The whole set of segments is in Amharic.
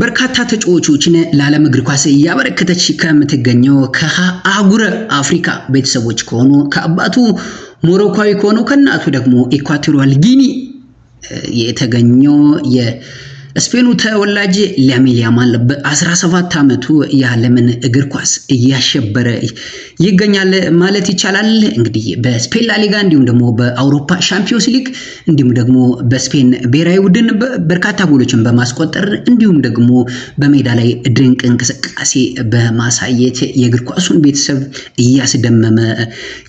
በርካታ ተጫዋቾችን ለዓለም እግር ኳስ እያበረከተች ከምትገኘው ከአህጉረ አፍሪካ ቤተሰቦች ከሆኑ ከአባቱ ሞሮኳዊ ከሆነው ከእናቱ ደግሞ ኢኳቶሪያል ጊኒ የተገኘው ስፔኑ ተወላጅ ላሚን ያማል በ17 ዓመቱ የዓለምን እግር ኳስ እያሸበረ ይገኛል ማለት ይቻላል። እንግዲህ በስፔን ላሊጋ እንዲሁም ደግሞ በአውሮፓ ሻምፒዮንስ ሊግ እንዲሁም ደግሞ በስፔን ብሔራዊ ቡድን በርካታ ጎሎችን በማስቆጠር እንዲሁም ደግሞ በሜዳ ላይ ድንቅ እንቅስቃሴ በማሳየት የእግር ኳሱን ቤተሰብ እያስደመመ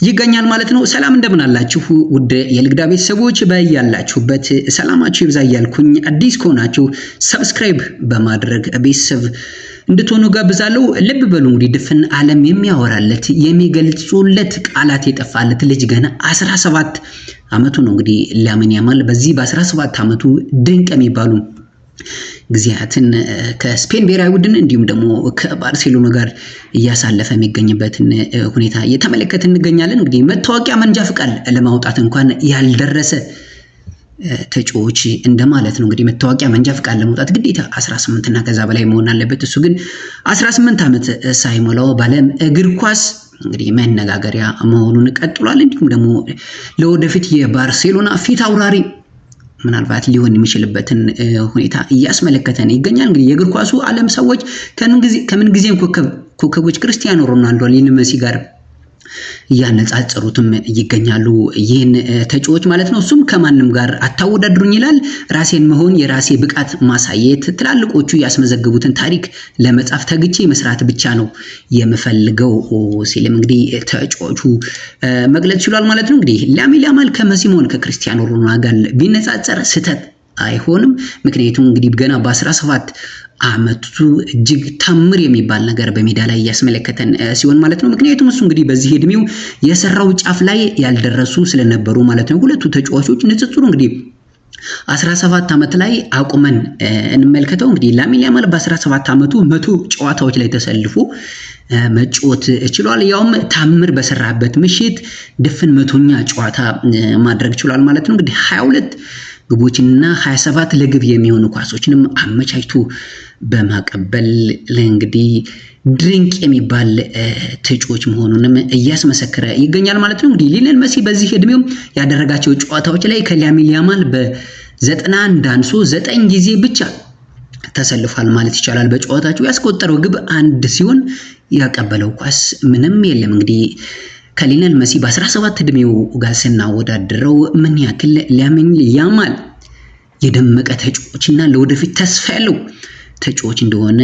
ይገኛል ማለት ነው። ሰላም እንደምን አላችሁ ውድ የልግዳ ቤተሰቦች፣ በያላችሁበት ሰላማችሁ ይብዛ እያልኩኝ አዲስ ከሆናችሁ ሰብስክራይብ በማድረግ ቤተሰብ እንድትሆኑ ጋብዛለሁ። ልብ በሉ እንግዲህ ድፍን ዓለም የሚያወራለት የሚገልጹለት ቃላት የጠፋለት ልጅ ገና 17 ዓመቱ ነው። እንግዲህ ላሚን ያማል በዚህ በ17 ዓመቱ ድንቅ የሚባሉ ጊዜያትን ከስፔን ብሔራዊ ቡድን እንዲሁም ደግሞ ከባርሴሎና ጋር እያሳለፈ የሚገኝበትን ሁኔታ እየተመለከት እንገኛለን። እንግዲህ መታወቂያ መንጃ ፍቃድ ለማውጣት እንኳን ያልደረሰ ተጫዋች እንደማለት ነው። እንግዲህ መታወቂያ መንጃ ፍቃድ ለመውጣት ግዴታ 18 እና ከዛ በላይ መሆን አለበት። እሱ ግን 18 ዓመት ሳይሞላው በዓለም እግር ኳስ እንግዲህ መነጋገሪያ መሆኑን ቀጥሏል። እንዲሁም ደግሞ ለወደፊት የባርሴሎና ፊት አውራሪ ምናልባት ሊሆን የሚችልበትን ሁኔታ እያስመለከተን ይገኛል። እንግዲህ የእግር ኳሱ ዓለም ሰዎች ከምንጊዜም ኮከቦች ክርስቲያኖ ሮናልዶ፣ ሊዮኔል መሲ ጋር እያነጻጸሩትም ይገኛሉ። ይህን ተጫዋች ማለት ነው። እሱም ከማንም ጋር አታወዳድሩኝ ይላል። ራሴን መሆን፣ የራሴ ብቃት ማሳየት፣ ትላልቆቹ ያስመዘግቡትን ታሪክ ለመጻፍ ተግቼ መስራት ብቻ ነው የምፈልገው ሲልም እንግዲህ ተጫዋቹ መግለጽ ችሏል ማለት ነው። እንግዲህ ላሚን ያማል ከመሲሞን ከክርስቲያኖ ሮናልዶ ጋር ቢነጻጸር ስህተት አይሆንም። ምክንያቱም እንግዲህ ገና በ17 አመቱ እጅግ ታምር የሚባል ነገር በሜዳ ላይ እያስመለከተን ሲሆን ማለት ነው። ምክንያቱም እሱ እንግዲህ በዚህ እድሜው የሰራው ጫፍ ላይ ያልደረሱ ስለነበሩ ማለት ነው። ሁለቱ ተጫዋቾች ንጽጽሩ እንግዲህ 17 ዓመት ላይ አቁመን እንመልከተው። እንግዲህ ላሚን ያማል በ17 ዓመቱ መቶ ጨዋታዎች ላይ ተሰልፎ መጫወት ችሏል። ያውም ታምር በሰራበት ምሽት ድፍን መቶኛ ጨዋታ ማድረግ ችሏል ማለት ነው እንግዲህ 22 ግቦችንና 27 ለግብ የሚሆኑ ኳሶችንም አመቻችቶ በማቀበል ለእንግዲህ ድንቅ የሚባል ተጫዋች መሆኑንም እያስመሰከረ ይገኛል ማለት ነው። እንግዲህ ሊዮኔል መሲ በዚህ እድሜው ያደረጋቸው ጨዋታዎች ላይ ከላሚን ያማል በዘጠና አንድ አንሶ ዘጠኝ ጊዜ ብቻ ተሰልፏል ማለት ይቻላል። በጨዋታቸው ያስቆጠረው ግብ አንድ ሲሆን ያቀበለው ኳስ ምንም የለም እንግዲህ ከሊነል መሲ በ17 ዕድሜው ጋር ስናወዳድረው ምን ያክል ላሚን ያማል የደመቀ ተጫዋችና ለወደፊት ተስፋ ያለው ተጫዋች እንደሆነ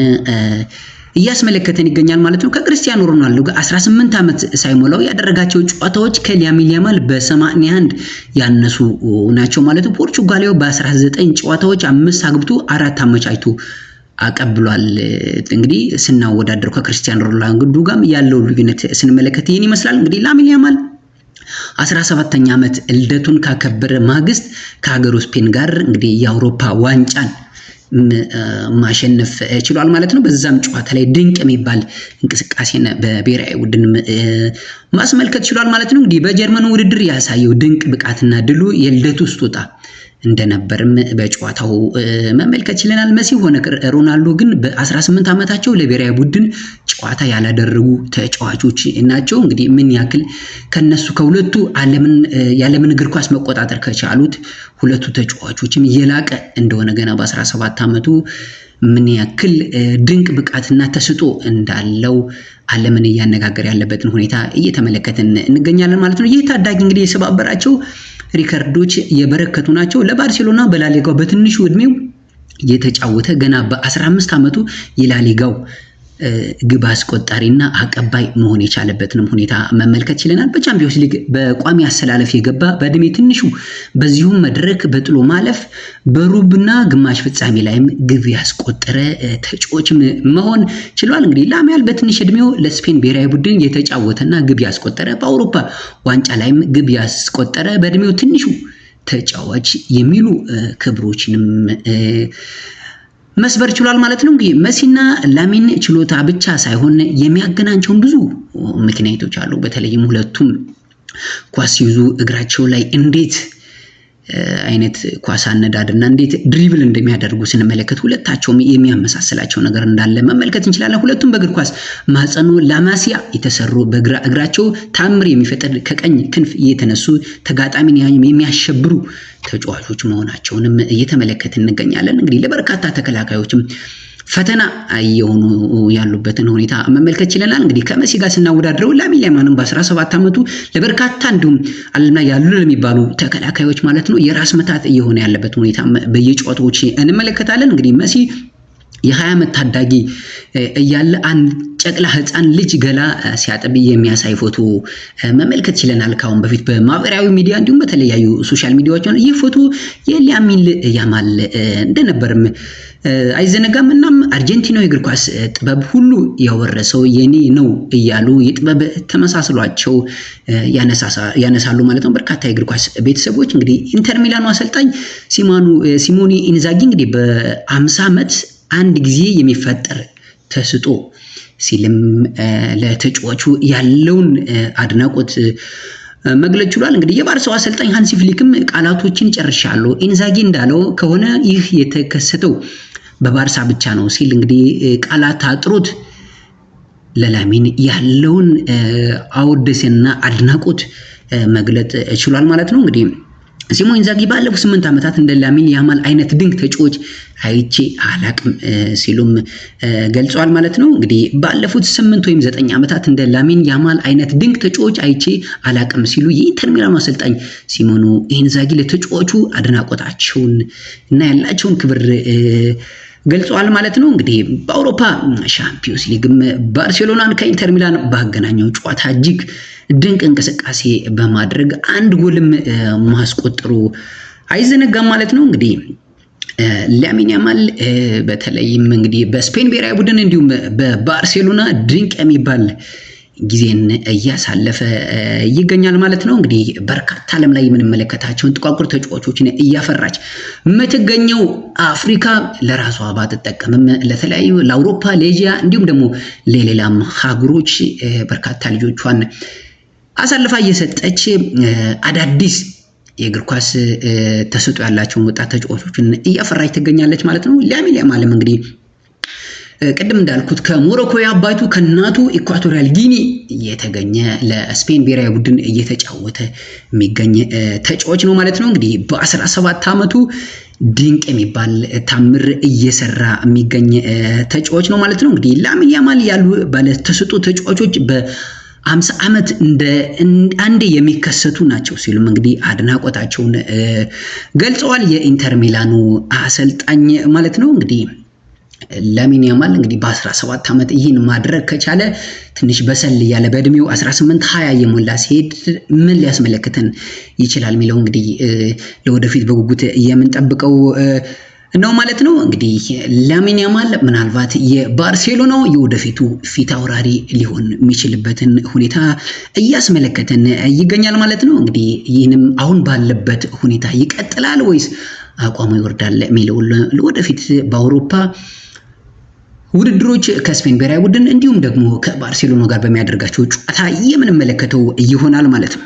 እያስመለከተን ይገኛል ማለት ነው። ከክርስቲያኖ ሮናልዶ ጋር 18 ዓመት ሳይሞላው ያደረጋቸው ጨዋታዎች ከላሚን ያማል በ81 ያነሱ ናቸው ማለት ነው። ፖርቹጋላዊ በ19 ጨዋታዎች አምስት አግብቶ አራት አመቻችቶ አቀብሏል። እንግዲህ ስናወዳደሩ ከክርስቲያን ሮናልዶ ጋም ያለው ልዩነት ስንመለከት ይህን ይመስላል። እንግዲህ ላሚን ያማል 17ኛ ዓመት ልደቱን ካከበረ ማግስት ከሀገሩ ስፔን ጋር እንግዲህ የአውሮፓ ዋንጫን ማሸነፍ ችሏል ማለት ነው። በዛም ጨዋታ ላይ ድንቅ የሚባል እንቅስቃሴን በብሔራዊ ቡድን ማስመልከት ችሏል ማለት ነው። እንግዲህ በጀርመኑ ውድድር ያሳየው ድንቅ ብቃትና ድሉ የልደቱ ስጦታ እንደነበርም በጨዋታው መመልከት ችለናል። መሲ ሆነ ሮናልዶ ግን በ18 ዓመታቸው ለብሔራዊ ቡድን ጨዋታ ያላደረጉ ተጫዋቾች ናቸው። እንግዲህ ምን ያክል ከነሱ ከሁለቱ የዓለምን እግር ኳስ መቆጣጠር ከቻሉት ሁለቱ ተጫዋቾችም የላቀ እንደሆነ ገና በ17 ዓመቱ ምን ያክል ድንቅ ብቃትና ተስጦ እንዳለው ዓለምን እያነጋገር ያለበትን ሁኔታ እየተመለከትን እንገኛለን ማለት ነው። ይህ ታዳጊ እንግዲህ የሰባበራቸው ሪከርዶች የበረከቱ ናቸው። ለባርሴሎና በላሊጋው በትንሹ እድሜው የተጫወተ ገና በ15 ዓመቱ የላሊጋው ግብ አስቆጣሪና አቀባይ መሆን የቻለበትንም ሁኔታ መመልከት ችለናል። በቻምፒዮንስ ሊግ በቋሚ አሰላለፍ የገባ በእድሜ ትንሹ በዚሁም መድረክ በጥሎ ማለፍ በሩብና ግማሽ ፍጻሜ ላይም ግብ ያስቆጠረ ተጫዋች መሆን ችሏል። እንግዲህ ላሚያል በትንሽ እድሜው ለስፔን ብሔራዊ ቡድን የተጫወተና ግብ ያስቆጠረ በአውሮፓ ዋንጫ ላይም ግብ ያስቆጠረ በእድሜው ትንሹ ተጫዋች የሚሉ ክብሮችንም መስበር ችሏል ማለት ነው። እንግዲህ መሲና ላሚን ችሎታ ብቻ ሳይሆን የሚያገናኛቸውን ብዙ ምክንያቶች አሉ። በተለይም ሁለቱም ኳስ ይዙ እግራቸው ላይ እንዴት አይነት ኳስ አነዳድ እና እንዴት ድሪብል እንደሚያደርጉ ስንመለከት ሁለታቸውም የሚያመሳስላቸው ነገር እንዳለ መመልከት እንችላለን። ሁለቱም በእግር ኳስ ማጸኖ ላማሲያ የተሰሩ በግራ እግራቸው ታምር የሚፈጥር ከቀኝ ክንፍ እየተነሱ ተጋጣሚን የሚያሸብሩ ተጫዋቾች መሆናቸውንም እየተመለከት እንገኛለን። እንግዲህ ለበርካታ ተከላካዮችም ፈተና እየሆኑ ያሉበትን ሁኔታ መመልከት ችለናል። እንግዲህ ከመሲ ጋር ስናወዳድረው ላሚ ያማልን በ17 ዓመቱ ለበርካታ እንዲሁም ዓለም ላይ ያሉ ለሚባሉ ተከላካዮች ማለት ነው የራስ መታት እየሆነ ያለበት ሁኔታ በየጨዋታዎች እንመለከታለን። እንግዲህ መሲ የሀያ ዓመት ታዳጊ እያለ አንድ ጨቅላ ህፃን ልጅ ገላ ሲያጥብ የሚያሳይ ፎቶ መመልከት ችለናል። ካሁን በፊት በማህበራዊ ሚዲያ እንዲሁም በተለያዩ ሶሻል ሚዲያዎች ይህ ፎቶ የሊያሚል ያማል እንደነበርም አይዘነጋም። እናም አርጀንቲናዊ እግር ኳስ ጥበብ ሁሉ ያወረሰው የኔ ነው እያሉ የጥበብ ተመሳስሏቸው ያነሳሉ ማለት ነው። በርካታ የእግር ኳስ ቤተሰቦች እንግዲህ ኢንተር ሚላኑ አሰልጣኝ ሲሞኒ ኢንዛጊ እንግዲህ በአምሳ ዓመት አንድ ጊዜ የሚፈጠር ተስጦ ሲልም ለተጫዋቹ ያለውን አድናቆት መግለጽ ችሏል። እንግዲህ የባርሳው አሰልጣኝ ሃንሲ ፍሊክም ቃላቶችን ጨርሻለሁ፣ ኢንዛጊ እንዳለው ከሆነ ይህ የተከሰተው በባርሳ ብቻ ነው ሲል እንግዲህ ቃላት አጥሮት ለላሚን ያለውን አወደሴና አድናቆት መግለጽ ችሏል ማለት ነው እንግዲህ ሲሞን ኢንዛጊ ባለፉት ስምንት ዓመታት እንደ ላሚን ያማል አይነት ድንቅ ተጫዋች አይቼ አላቅም ሲሉም ገልጿል ማለት ነው። እንግዲህ ባለፉት ስምንት ወይም ዘጠኝ ዓመታት እንደ ላሚን ያማል አይነት ድንቅ ተጫዋች አይቼ አላቅም ሲሉ የኢንተር ሚላኑ አሰልጣኝ ሲሞኔ ኢንዛጊ ለተጫዋቹ አድናቆታቸውን እና ያላቸውን ክብር ገልጸዋል ማለት ነው። እንግዲህ በአውሮፓ ሻምፒዮንስ ሊግም ባርሴሎናን ከኢንተር ሚላን ባገናኘው ጨዋታ እጅግ ድንቅ እንቅስቃሴ በማድረግ አንድ ጎልም ማስቆጠሩ አይዘነጋም ማለት ነው እንግዲህ ላሚን ያማል በተለይም እንግዲህ በስፔን ብሔራዊ ቡድን እንዲሁም በባርሴሎና ድንቅ የሚባል ጊዜን እያሳለፈ ይገኛል ማለት ነው። እንግዲህ በርካታ ዓለም ላይ የምንመለከታቸውን ጥቋቁር ተጫዋቾችን እያፈራች የምትገኘው አፍሪካ ለራሷ ባትጠቀምም ለተለያዩ ለአውሮፓ፣ ለኤዥያ እንዲሁም ደግሞ ለሌላም ሀገሮች በርካታ ልጆቿን አሳልፋ እየሰጠች አዳዲስ የእግር ኳስ ተሰጥኦ ያላቸውን ወጣት ተጫዋቾችን እያፈራች ትገኛለች ማለት ነው። ላሚን ያማልም እንግዲህ ቅድም እንዳልኩት ከሞሮኮ አባቱ ከእናቱ ኢኳቶሪያል ጊኒ እየተገኘ ለስፔን ብሔራዊ ቡድን እየተጫወተ የሚገኝ ተጫዋች ነው ማለት ነው። እንግዲህ በ17 ዓመቱ ድንቅ የሚባል ታምር እየሰራ የሚገኝ ተጫዋች ነው ማለት ነው። እንግዲህ ላሚን ያማል ያሉ ባለተሰጡ ተጫዋቾች በ አምሳ ዓመት እንደ አንዴ የሚከሰቱ ናቸው ሲሉም እንግዲህ አድናቆታቸውን ገልጸዋል። የኢንተር ሚላኑ አሰልጣኝ ማለት ነው እንግዲህ ላሚን ያማል እንግዲህ በ17 ዓመት ይህን ማድረግ ከቻለ ትንሽ በሰል እያለ በእድሜው 18 20 የሞላ ሲሄድ ምን ሊያስመለክተን ይችላል የሚለው እንግዲህ ለወደፊት በጉጉት የምንጠብቀው ነው ማለት ነው። እንግዲህ ላሚን ያማል ምናልባት የባርሴሎናው የወደፊቱ ፊት አውራሪ ሊሆን የሚችልበትን ሁኔታ እያስመለከተን ይገኛል ማለት ነው። እንግዲህ ይህንም አሁን ባለበት ሁኔታ ይቀጥላል ወይስ አቋሙ ይወርዳል የሚለው ለወደፊት በአውሮፓ ውድድሮች ከስፔን ብሔራዊ ቡድን እንዲሁም ደግሞ ከባርሴሎና ጋር በሚያደርጋቸው ጨዋታ የምንመለከተው ይሆናል ማለት ነው።